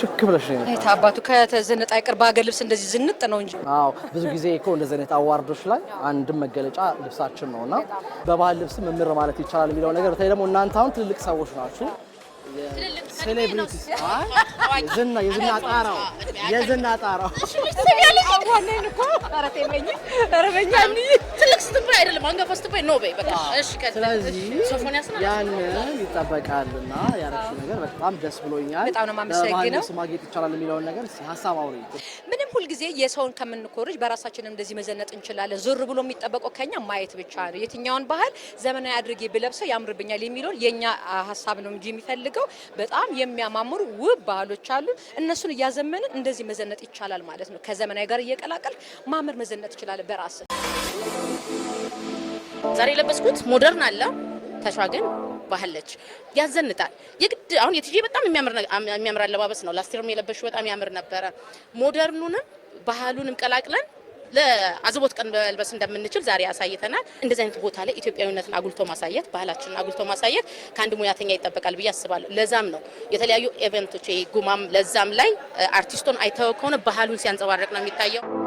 ችክ ብለሽ ነው የመጣሁት። አባቱ ከተዘነጠ ይቅር በሀገር ልብስ እንደዚህ ዝንጥ ነው እንጂ። አዎ ብዙ ጊዜ እኮ እንደዚህ አይነት አዋርዶች ላይ አንድም መገለጫ ልብሳችን ነው እና በባህል ልብስ መምር ማለት ይቻላል የሚለው ነገር በተለይ ደግሞ እናንተ አሁን ትልልቅ ሰዎች ናችሁ ሴሌብሪቲ ዝና የዝና ጣራው የዝና ጣራው አይደለም አንገ ፈስት በይ ነው በይ በቃ እሺ። ስለዚህ ያን ይጠበቃል እና ያረግሽው ነገር በጣም ደስ ብሎኛል። በጣም ነው የማመሰግነው። ማጌጥ ይቻላል የሚለውን ነገር ሀሳብ አውሪ። ምንም ሁልጊዜ የሰውን ከምንኮርጅ በራሳችን እንደዚህ መዘነጥ እንችላለን። ዞር ብሎ የሚጠበቀው ከኛ ማየት ብቻ ነው። የትኛውን ባህል ዘመናዊ አድርጌ ብለብሰው ያምርብኛል የሚለውን የኛ ሀሳብ ነው እንጂ የሚፈልገው በጣም የሚያማምሩ ውብ ባህሎች አሉ። እነሱን እያዘመንን እንደዚህ መዘነጥ ይቻላል ማለት ነው። ከዘመናዊ ጋር እየቀላቀል ማመር መዘነጥ ይችላል በራስ ዛሬ የለበስኩት ሞደርን አለ ተሿ ግን ባህለች ያዘንጣል። የግድ አሁን የትዬ በጣም የሚያምር አለባበስ ነው። ላስቴርም የለበሽው በጣም ያምር ነበረ። ሞደርኑንም ባህሉንም ቀላቅለን ለአዘቦት ቀን መልበስ እንደምንችል ዛሬ አሳይተናል። እንደዚህ አይነት ቦታ ላይ ኢትዮጵያዊነትን አጉልቶ ማሳየት፣ ባህላችንን አጉልቶ ማሳየት ከአንድ ሙያተኛ ይጠበቃል ብዬ አስባለሁ። ለዛም ነው የተለያዩ ኢቨንቶች ጉማም፣ ለዛም ላይ አርቲስቱን አይተው ከሆነ ባህሉን ሲያንጸባረቅ ነው የሚታየው።